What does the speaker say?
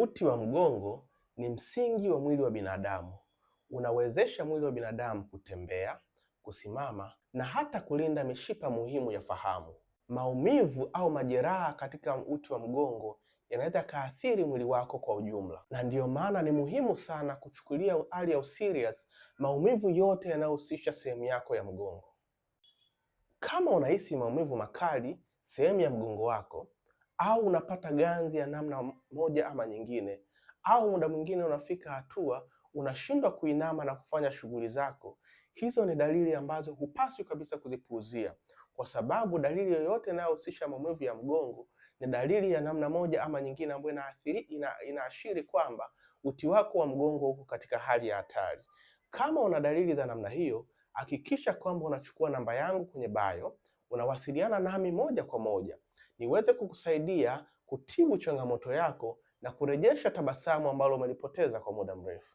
Uti wa mgongo ni msingi wa mwili wa binadamu, unawezesha mwili wa binadamu kutembea, kusimama na hata kulinda mishipa muhimu ya fahamu. Maumivu au majeraha katika uti wa mgongo yanaweza kaathiri mwili wako kwa ujumla, na ndiyo maana ni muhimu sana kuchukulia hali ya serious maumivu yote yanayohusisha sehemu yako ya mgongo. Kama unahisi maumivu makali sehemu ya mgongo wako, au unapata ganzi ya namna moja ama nyingine, au muda mwingine unafika hatua unashindwa kuinama na kufanya shughuli zako. Hizo ni dalili ambazo hupaswi kabisa kuzipuuzia, kwa sababu dalili yoyote inayohusisha maumivu ya mgongo ni dalili ya namna moja ama nyingine ambayo inaathiri ina, inaashiri kwamba uti wako wa mgongo uko katika hali ya hatari. Kama una dalili za namna hiyo, hakikisha kwamba unachukua namba yangu kwenye bio, unawasiliana nami moja kwa moja niweze kukusaidia kutibu changamoto yako na kurejesha tabasamu ambalo umelipoteza kwa muda mrefu.